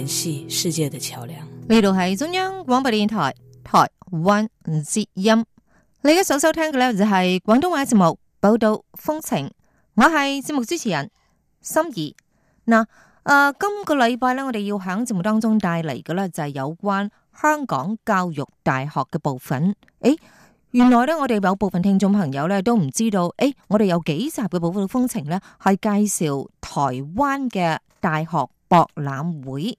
聯繫世界的橋樑，呢度係中央廣播電台台灣之音。你而家所收聽嘅咧就係廣東話節目報道風情。我係節目主持人心儀嗱。誒、呃呃，今個禮拜咧，我哋要喺節目當中帶嚟嘅咧就係、是、有關香港教育大學嘅部分。誒，原來咧，我哋有部分聽眾朋友咧都唔知道誒，我哋有幾集嘅《報道風情呢》咧係介紹台灣嘅大學博覽會。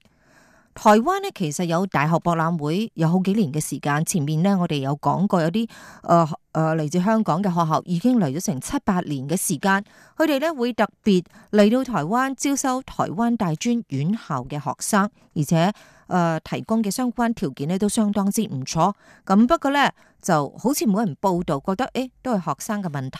台灣咧，其實有大學博覽會，有好幾年嘅時間。前面咧，我哋有講過有啲誒誒嚟自香港嘅學校，已經嚟咗成七八年嘅時間。佢哋咧會特別嚟到台灣招收台灣大專院校嘅學生，而且誒、呃、提供嘅相關條件咧都相當之唔錯。咁不過咧就好似冇人報報道覺得誒、欸、都係學生嘅問題。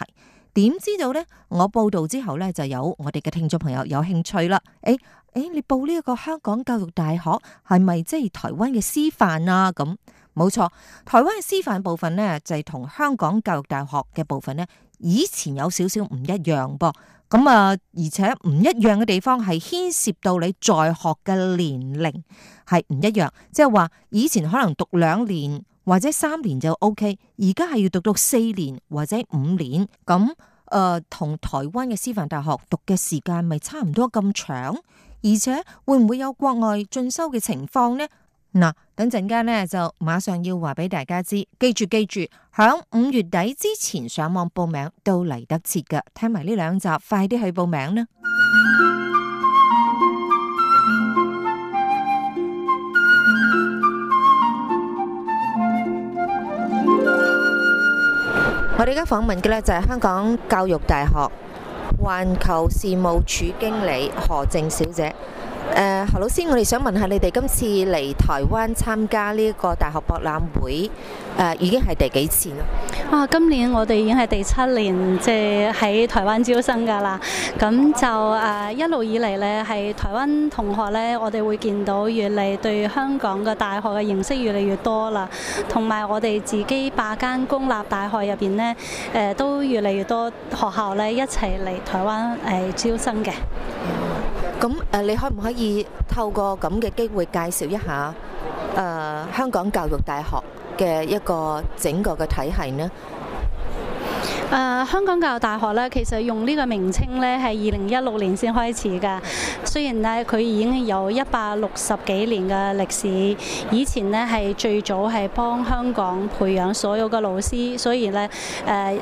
點知道咧？我報道之後咧，就有我哋嘅聽眾朋友有興趣啦。誒誒，你報呢一個香港教育大學係咪即係台灣嘅師範啊？咁冇錯，台灣嘅師範部分咧，就係同香港教育大學嘅部分咧，以前有少少唔一樣噃。咁啊，而且唔一樣嘅地方係牽涉到你在學嘅年齡係唔一樣，即係話以前可能讀兩年。或者三年就 OK，而家係要讀到四年或者五年，咁誒，同、呃、台灣嘅師範大學讀嘅時間咪差唔多咁長，而且會唔會有國外進修嘅情況呢？嗱，等陣間呢就馬上要話俾大家知，記住記住，響五月底之前上網報名都嚟得切㗎，聽埋呢兩集，快啲去報名啦！我哋而家訪問嘅咧就係香港教育大學環球事務處經理何靖小姐。誒、呃，何老師，我哋想問下你哋今次嚟台灣參加呢個大學博覽會、呃、已經係第幾次啦？啊，今年我哋已經係第七年，即係喺台灣招生噶啦。咁就誒、啊、一路以嚟呢，係台灣同學呢，我哋會見到越嚟對香港嘅大學嘅認識越嚟越多啦。同埋我哋自己八間公立大學入邊呢，誒、呃、都越嚟越多學校呢，一齊嚟台灣誒、呃、招生嘅。咁誒，你可唔可以透過咁嘅機會介紹一下誒香港教育大學嘅一個整個嘅體系呢？誒、呃，香港教育大學咧、呃，其實用呢個名稱咧係二零一六年先開始㗎。雖然呢，佢已經有一百六十幾年嘅歷史，以前呢係最早係幫香港培養所有嘅老師，所以咧誒、呃、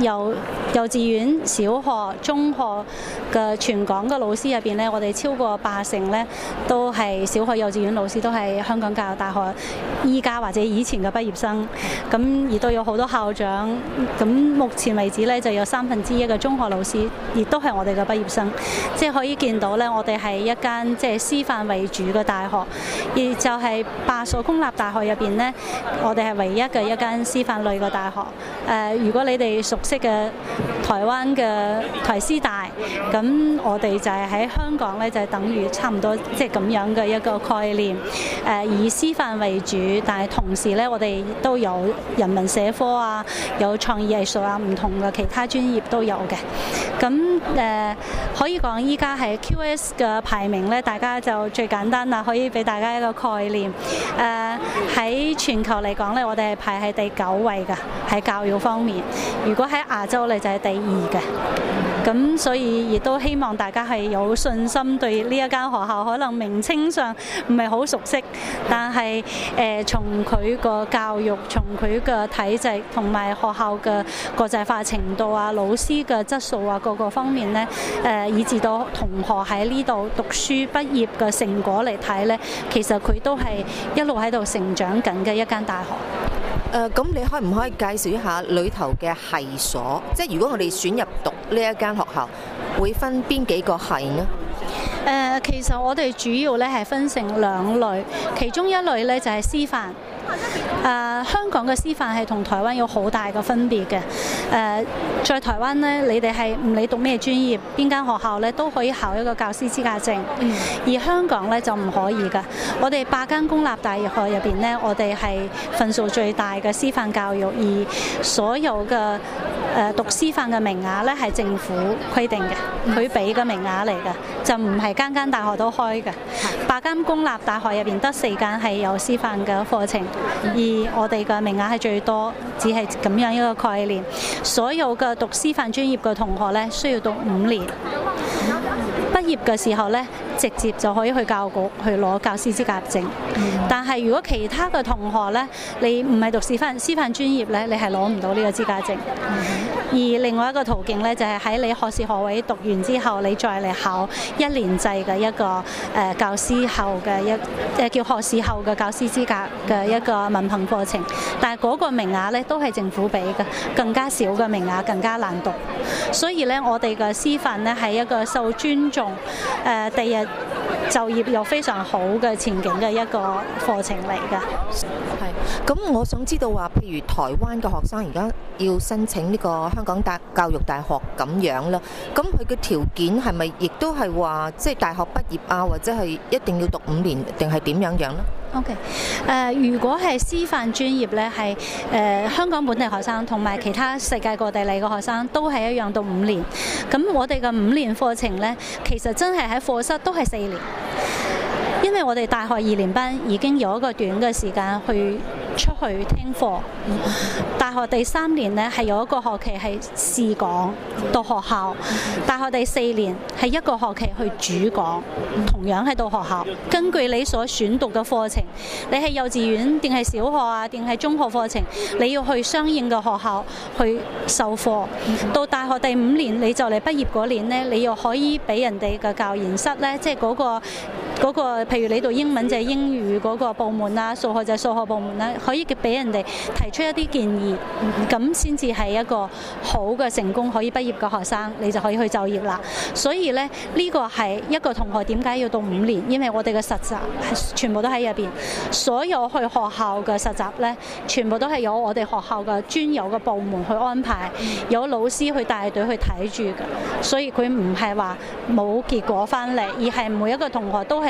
有。幼稚園、小學、中學嘅全港嘅老師入邊呢，呢我哋超過八成呢都係小學、幼稚園老師都係香港教育大學依家或者以前嘅畢業生。咁亦都有好多校長。咁目前為止呢就有三分之一嘅中學老師亦都係我哋嘅畢業生，即係可以見到呢，我哋係一間即係、即係、師範為主嘅大學，而就係八所公立大學入邊呢，我哋係唯一嘅一間師範類嘅大學、呃。如果你哋熟悉嘅，台灣嘅台師大，咁我哋就係喺香港呢，就係等於差唔多，即係咁樣嘅一個概念。誒、呃，以師範為主，但係同時呢，我哋都有人文社科啊，有創意藝術啊，唔同嘅其他專業都有嘅。咁誒可以講依家係 QS 嘅排名咧，大家就最簡單啦，可以俾大家一個概念。誒喺全球嚟講咧，我哋係排喺第九位嘅，喺教育方面。如果喺亞洲咧就係第二嘅。咁所以亦都希望大家係有信心對呢一間學校，可能名稱上唔係好熟悉，但係誒從佢個教育、從佢嘅體制同埋學校嘅國際化程度啊、老師嘅質素啊。各個方面呢，誒，以至到同學喺呢度讀書畢業嘅成果嚟睇呢，其實佢都係一路喺度成長緊嘅一間大學。誒、呃，咁你可唔可以介紹一下裏頭嘅系所？即係如果我哋選入讀呢一間學校，會分邊幾個系呢？誒、呃，其實我哋主要咧係分成兩類，其中一類咧就係師範。誒、呃，香港嘅師範係同台灣有好大嘅分別嘅。誒、呃，在台灣呢，你哋係唔理讀咩專業，邊間學校咧都可以考一個教師資格證。而香港咧就唔可以㗎。我哋八間公立大學入邊呢，我哋係分數最大嘅師範教育，而所有嘅。誒讀師範嘅名額咧，係政府規定嘅，佢俾嘅名額嚟嘅，就唔係間間大學都開嘅。八間公立大學入邊得四間係有師範嘅課程，而我哋嘅名額係最多，只係咁樣一個概念。所有嘅讀師範專業嘅同學咧，需要讀五年，畢業嘅時候咧，直接就可以去教局去攞教師資格證，但係如果其他嘅同學咧，你唔係讀師範師範專業咧，你係攞唔到呢個資格證。Mm -hmm. 而另外一個途徑咧，就係、是、喺你學士學位讀完之後，你再嚟考一年制嘅一個誒、呃、教師後嘅一即係叫學士後嘅教師資格嘅一個文憑課程。但係嗰個名額咧，都係政府俾嘅，更加少嘅名額，更加難讀。所以咧，我哋嘅師範呢，係一個受尊重誒、呃、第日。就業有非常好嘅前景嘅一個課程嚟噶。係，咁我想知道話，譬如台灣嘅學生而家要申請呢個香港大教育大學咁樣啦，咁佢嘅條件係咪亦都係話即係大學畢業啊，或者係一定要讀五年定係點樣樣呢？O.K.、呃、如果係師範專業呢，係、呃、香港本地學生同埋其他世界各地嚟嘅學生都係一樣到五年。咁我哋嘅五年課程呢，其實真係喺課室都係四年，因為我哋大學二年班已經有一個短嘅時間去。出去聽課。大學第三年呢，係有一個學期係試講到學校，大學第四年係一個學期去主講，同樣喺到學校。根據你所選讀嘅課程，你係幼稚園定係小學啊，定係中學課程，你要去相應嘅學校去授課。到大學第五年你就嚟畢業嗰年呢，你又可以俾人哋嘅教研室呢，即係嗰個。嗰個譬如你讀英文就係英語個部門啦，數學就係數學部門啦，可以畀俾人哋提出一啲建議，咁先至係一個好嘅成功可以畢業嘅學生，你就可以去就業啦。所以咧，呢個係一個同學點解要讀五年？因為我哋嘅實習全部都喺入邊，所有去學校嘅實習咧，全部都係由我哋學校嘅專有嘅部門去安排，有老師去帶隊去睇住嘅，所以佢唔係話冇結果翻嚟，而係每一個同學都係。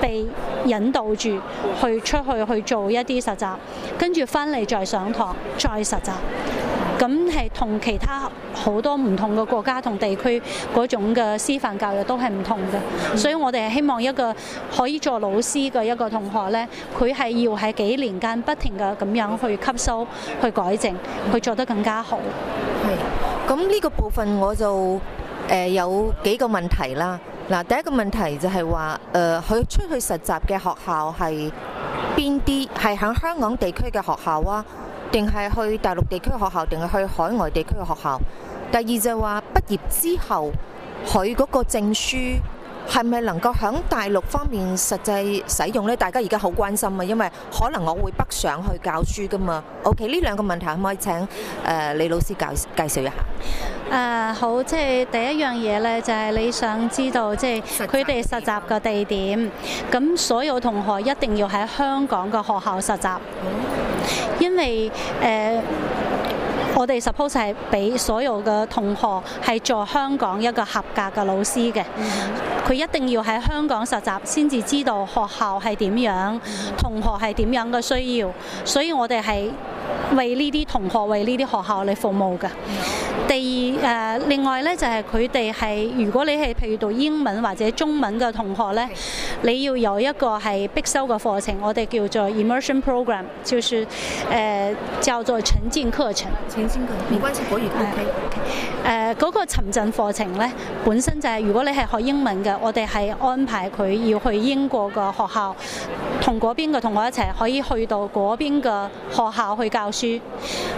被引導住去出去去做一啲實習，跟住翻嚟，再上堂再實習，咁係同其他好多唔同嘅國家同地區嗰種嘅師範教育都係唔同嘅，所以我哋係希望一個可以做老師嘅一個同學咧，佢係要喺幾年間不停嘅咁樣去吸收、去改正、去做得更加好。係，咁呢個部分我就，呃，有幾個問題啦。嗱，第一個問題就係話，誒，佢出去實習嘅學校係邊啲？係響香港地區嘅學校啊，定係去大陸地區嘅學校，定係去海外地區嘅學校？第二就係話，畢業之後佢嗰個證書。係咪能夠喺大陸方面實際使用呢？大家而家好關心啊，因為可能我會北上去教書噶嘛。OK，呢兩個問題可唔可以請誒李老師教介紹一下？誒好，即係第一樣嘢呢，就係你想知道即係佢哋實習嘅地點。咁所有同學一定要喺香港嘅學校實習，因為誒。我哋 suppose 係俾所有嘅同學係做香港一個合格嘅老師嘅，佢一定要喺香港實習先至知道學校係點樣，同學係點樣嘅需要，所以我哋係，為呢啲同學，為呢啲學校嚟服務嘅。第二誒、呃，另外呢就係佢哋係，如果你係譬如讀英文或者中文嘅同學呢，你要有一個係必修嘅課程，我哋叫做 immersion program，就是誒、呃、叫做沉浸課程。沉浸課程，唔關事，可以 OK，okay. 呃嗰個沉浸課程呢本身就係、是、如果你係學英文嘅，我哋係安排佢要去英國嘅學校，同邊嘅同學一齊，可以去到邊嘅學校去教。教書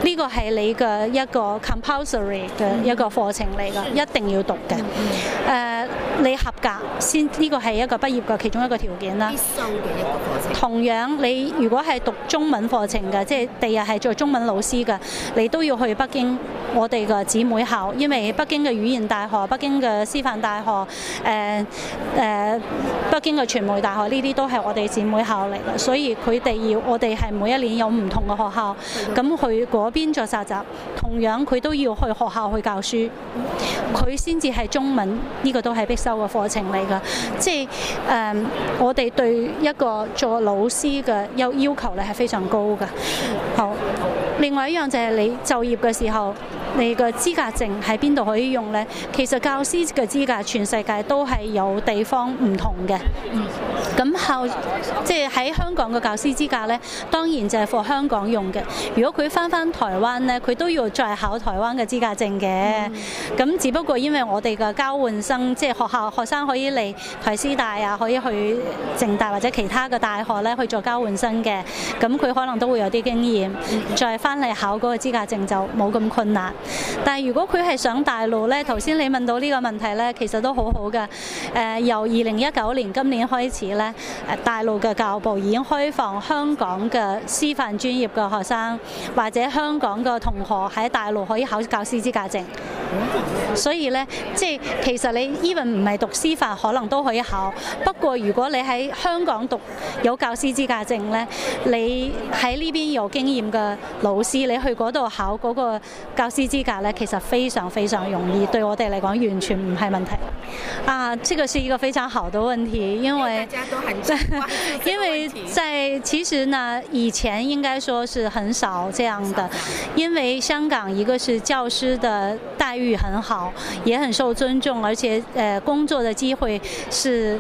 呢個係你嘅一個 compulsory 嘅一個課程嚟噶、嗯，一定要讀嘅。誒、嗯。Uh, 你合格先，呢個係一個畢業嘅其中一個條件啦。同樣，你如果係讀中文課程嘅，即係第日係做中文老師嘅，你都要去北京我哋嘅姊妹校，因為北京嘅語言大學、北京嘅師範大學誒誒、呃呃、北京嘅傳媒大學呢啲都係我哋姊妹校嚟，所以佢哋要我哋係每一年有唔同嘅學校，咁佢嗰邊做實習，同樣佢都要去學校去教書，佢先至係中文呢、這個都係必。修嘅課程嚟噶，即係誒、嗯、我哋對一個做老師嘅有要求咧，係非常高噶。好，另外一樣就係你就業嘅時候。你個資格證喺邊度可以用呢？其實教師嘅資格全世界都係有地方唔同嘅。咁後即係喺香港嘅教師資格呢，當然就係俾香港用嘅。如果佢翻翻台灣呢，佢都要再考台灣嘅資格證嘅。咁、嗯、只不過因為我哋嘅交換生即係、就是、學校學生可以嚟台師大啊，可以去政大或者其他嘅大學呢去做交換生嘅。咁佢可能都會有啲經驗，再翻嚟考嗰個資格證就冇咁困難。但係如果佢係上大陸呢？頭先你問到呢個問題呢，其實都好好嘅。誒、呃，由二零一九年今年開始呢，呃、大陸嘅教育部已經開放香港嘅師範專業嘅學生或者香港嘅同學喺大陸可以考教師資格證。所以呢，即係其實你 even 唔係讀師範，可能都可以考。不過如果你喺香港讀有教師資格證呢，你喺呢邊有經驗嘅老師，你去嗰度考嗰個教師。資格呢其實非常非常容易，對我哋嚟講完全唔係問題啊，這個是一個非常好的問題，因為因為,大家都 因為在其實呢以前應該說是很少這樣的，因為香港一個是教師的待遇很好，也很受尊重，而且呃工作的機會是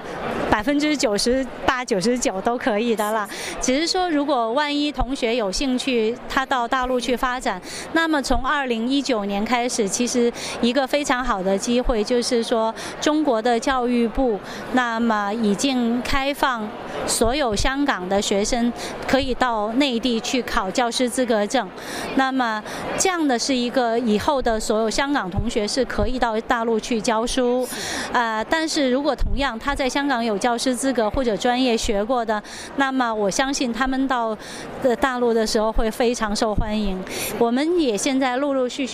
百分之九十八、九十九都可以的啦。只是說如果萬一同學有興趣，他到大陸去發展，那麼從二零一九年開始，其實一個非常好的機會，就是說中國的教育部，那麼已經開放所有香港的學生可以到內地去考教師資格證。那麼這樣的是一個以後的所有香港同學是可以到大陸去教書。啊、呃。但是如果同樣他在香港有教師資格或者專業學過的，那麼我相信他們到的大陸的時候會非常受歡迎。我們也現在陸陸續續。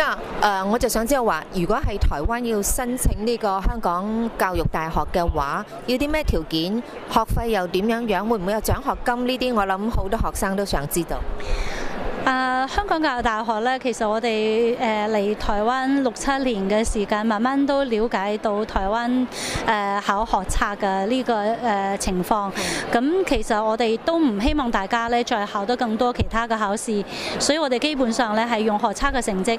Yeah, uh, 我就想知道話，如果係台灣要申請呢個香港教育大學嘅話，要啲咩條件？學費又點樣樣？會唔會有獎學金？呢啲我諗好多學生都想知道。呃、香港教育大學咧，其實我哋誒嚟台灣六七年嘅時間，慢慢都了解到台灣、呃、考學測嘅呢個、呃、情況。咁、嗯嗯、其實我哋都唔希望大家咧再考得更多其他嘅考試，所以我哋基本上咧係用學測嘅成績、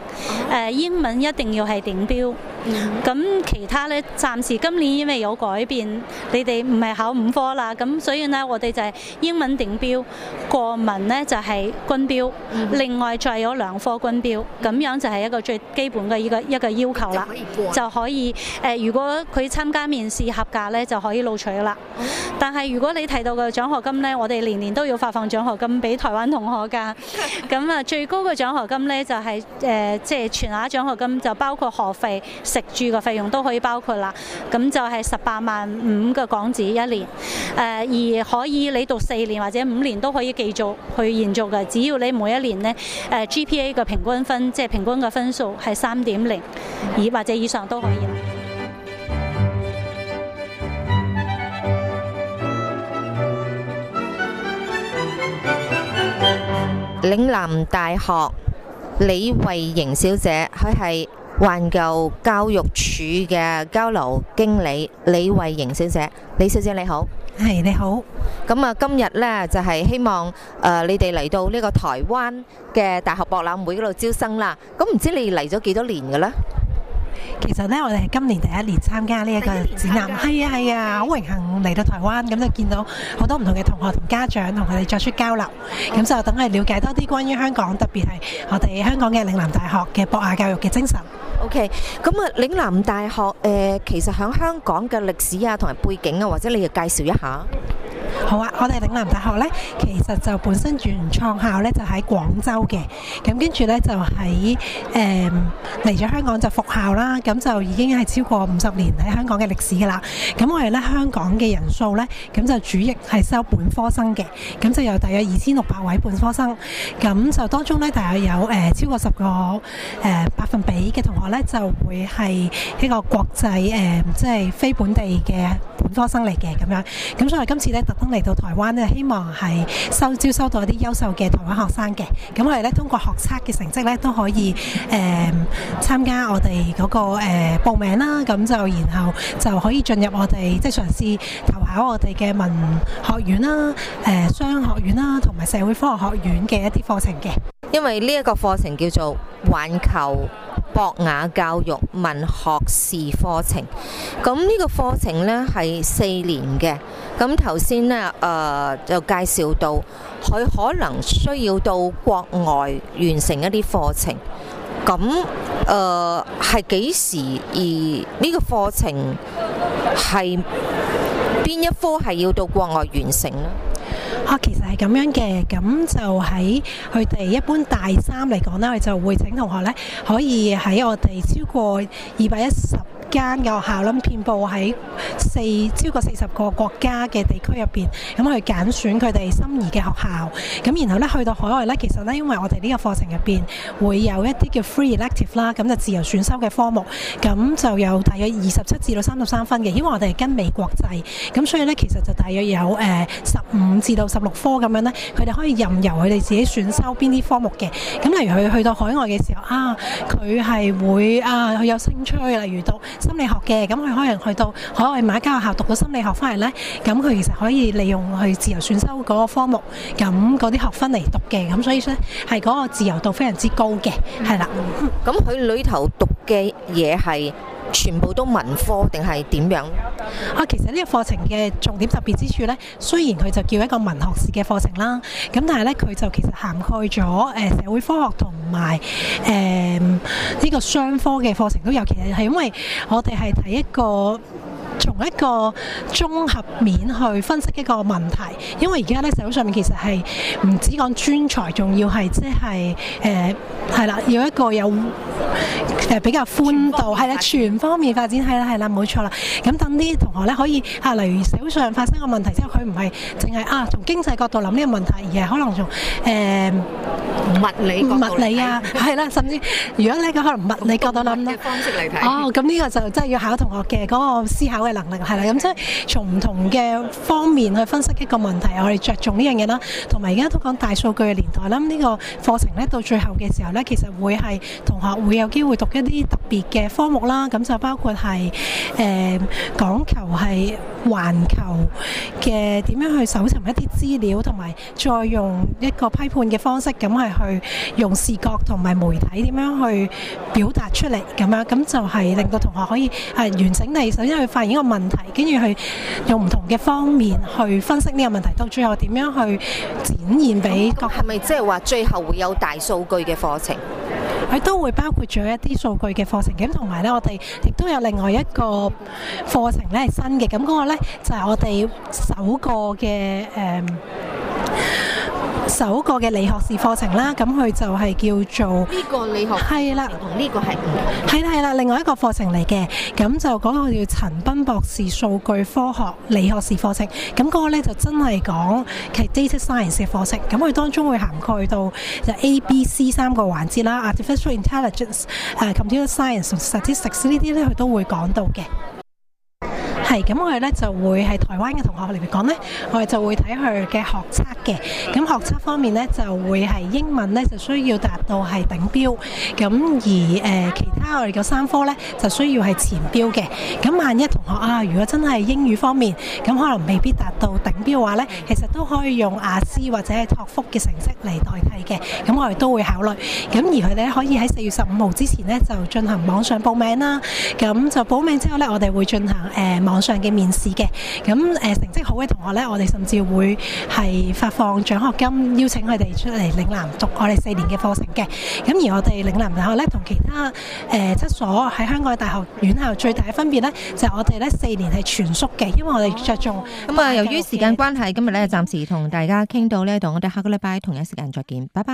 呃。英文一定要係頂標，咁、嗯嗯、其他咧暫時今年因為有改變，你哋唔係考五科啦，咁、嗯、所以呢，我哋就係英文頂標，國文呢就係均標。另外再有兩科均標，咁樣就係一個最基本嘅一個一個要求啦、啊，就可以誒、呃。如果佢參加面試合格咧，就可以錄取啦。但係如果你提到嘅獎學金呢，我哋年年都要發放獎學金俾台灣同學噶。咁啊，最高嘅獎學金呢，就係誒即係全額獎學金，就包括學費食住嘅費用都可以包括啦。咁就係十八萬五嘅港紙一年，誒、呃，而可以你讀四年或者五年都可以繼續去延續嘅，只要你每一年咧，誒 GPA 嘅平均分，即係平均嘅分數，係三點零以或者以上都可以啦。嶺南大學李慧瑩小姐，佢係環球教育處嘅交流經理。李慧瑩小姐，李小姐你好，係你好。咁啊，今日呢，就係、是、希望誒、呃，你哋嚟到呢個台灣嘅大學博覽會嗰度招生啦。咁、嗯、唔知你嚟咗幾多年嘅咧？其實呢，我哋係今年第一年參加呢一個展覽。係啊係啊，好、嗯 okay. 榮幸嚟到台灣，咁就見到好多唔同嘅同學同家長同佢哋作出交流，咁、okay. 就等佢哋了解多啲關於香港，特別係我哋香港嘅嶺南大學嘅博雅教育嘅精神。OK，咁啊，嶺南大學誒、呃，其實響香港嘅歷史啊，同埋背景啊，或者你哋介紹一下。好啊！我哋嶺南大學呢，其實就本身原創校呢，就喺廣州嘅，咁跟住呢，就喺誒嚟咗香港就復校啦，咁就已經係超過五十年喺香港嘅歷史噶啦。咁我哋呢，香港嘅人數呢，咁就主要係收本科生嘅，咁就有大約二千六百位本科生，咁就當中呢，大約有誒、呃、超過十個誒、呃、百分比嘅同學呢，就會係呢個國際誒、呃、即係非本地嘅本科生嚟嘅咁樣，咁所以今次呢，特登，.嚟到台灣呢，希望係收招收到一啲優秀嘅台灣學生嘅。咁我哋咧，通過學測嘅成績咧，都可以誒參、呃、加我哋嗰、那個誒、呃、報名啦。咁就然後就可以進入我哋即係嘗試投考我哋嘅文學院啦、誒、呃、商學院啦，同埋社會科學學院嘅一啲課程嘅。因為呢一個課程叫做環球。博雅教育文學士課程，咁呢個課程呢係四年嘅。咁頭先呢，誒、呃、就介紹到佢可能需要到國外完成一啲課程。咁誒係幾時而？而、這、呢個課程係邊一科係要到國外完成呢？啊，其實係咁樣嘅，咁就喺佢哋一般大三嚟講咧，佢就會請同學呢，可以喺我哋超過二百一十間嘅學校啦，遍布喺四超過四十個國家嘅地區入面，咁去揀選佢哋心儀嘅學校。咁然後呢，去到海外呢，其實呢，因為我哋呢個課程入面會有一啲叫 free elective 啦，咁就自由選修嘅科目。咁就有大約二十七至到三十三分嘅，因為我哋係跟美國制，咁所以呢，其實就大約有誒十五至到十六科咁樣呢，佢哋可以任由佢哋自己選修邊啲科目嘅。咁例如佢去到海外嘅時候啊，佢係會啊佢有興趣，例如到。心理學嘅，咁佢可能去到，海外買家間學校讀咗心理學翻嚟咧，咁佢其實可以利用去自由選修嗰個科目，咁嗰啲學分嚟讀嘅，咁所以咧係嗰個自由度非常之高嘅，係、嗯、啦，咁佢裏頭讀嘅嘢係。全部都文科定係點樣啊？其實呢個課程嘅重點特別之處咧，雖然佢就叫一個文學士嘅課程啦，咁但係咧佢就其實涵蓋咗誒社會科學同埋誒呢個商科嘅課程都有。其實係因為我哋係睇一個從一個綜合面去分析一個問題，因為而家咧社會上面其實係唔止講專才，仲要係即係誒係啦，要，呃、一個有。誒比較寬度係啦，全方面發展係啦，係啦，冇錯啦。咁等啲同學咧可以啊，例如社會上發生嘅問題，即係佢唔係淨係啊從經濟角度諗呢個問題，而係可能從誒、欸、物理物理啊，係啦，甚至如果你可能物理角度諗啦，哦，咁呢個就真係要考同學嘅嗰、那個思考嘅能力係啦。咁即係從唔同嘅方面去分析一個問題，我哋着重呢樣嘢啦。同埋而家都講大數據嘅年代啦，咁、這、呢個課程咧到最後嘅時候咧，其實會係同學會有機會讀一啲特別嘅科目啦，咁就包括係誒、呃、講求係環球嘅點樣去搜尋一啲資料，同埋再用一個批判嘅方式，咁係去用視覺同埋媒體點樣去表達出嚟咁樣，咁就係令到同學可以係、啊、完整地首先去發現一個問題，跟住去用唔同嘅方面去分析呢個問題，到最後點樣去展現俾。係咪即係話最後會有大數據嘅課程？佢都會包括咗一啲數據嘅課程，咁同埋呢，我哋亦都有另外一個課程呢，係新嘅，咁、那、嗰個呢就係、是、我哋首個嘅誒。嗯首個嘅理學士課程啦，咁佢就係叫做呢、呢個理學，係啦，同呢個係唔同。係啦係啦，另外一個課程嚟嘅，咁就講到叫陳斌博士數據科學理學士課程，咁、那、嗰個呢就真係講其實 data science 嘅課程，咁佢當中會涵蓋到就 A、B、C 三個環節啦，artificial intelligence、uh,、誒 computer science 同 statistics 呢啲呢，佢都會講到嘅。係，咁我哋咧就會係台灣嘅同學嚟講呢，我哋就會睇佢嘅學測嘅。咁學測方面呢，就會係英文呢就需要達到係頂標。咁而、呃、其他我哋嘅三科呢，就需要係前標嘅。咁萬一同學啊，如果真係英語方面，咁可能未必達到頂標嘅話呢，其實都可以用雅思或者係托福嘅成績嚟代替嘅。咁我哋都會考慮。咁而佢哋呢，可以喺四月十五號之前呢，就進行網上報名啦。咁就報名之後呢，我哋會進行誒、呃、網上嘅面試嘅，咁誒、呃、成績好嘅同學呢，我哋甚至會係發放獎學金，邀請佢哋出嚟嶺南讀我哋四年嘅課程嘅。咁而我哋嶺南大學呢，同其他誒、呃、七所喺香港嘅大學院校最大嘅分別呢，就係、是、我哋呢四年係全宿嘅，因為我哋着重。咁、哦、啊，由於時間關係，嗯、今日呢暫時同大家傾到呢度，同我哋下個禮拜同一時間再見，拜拜。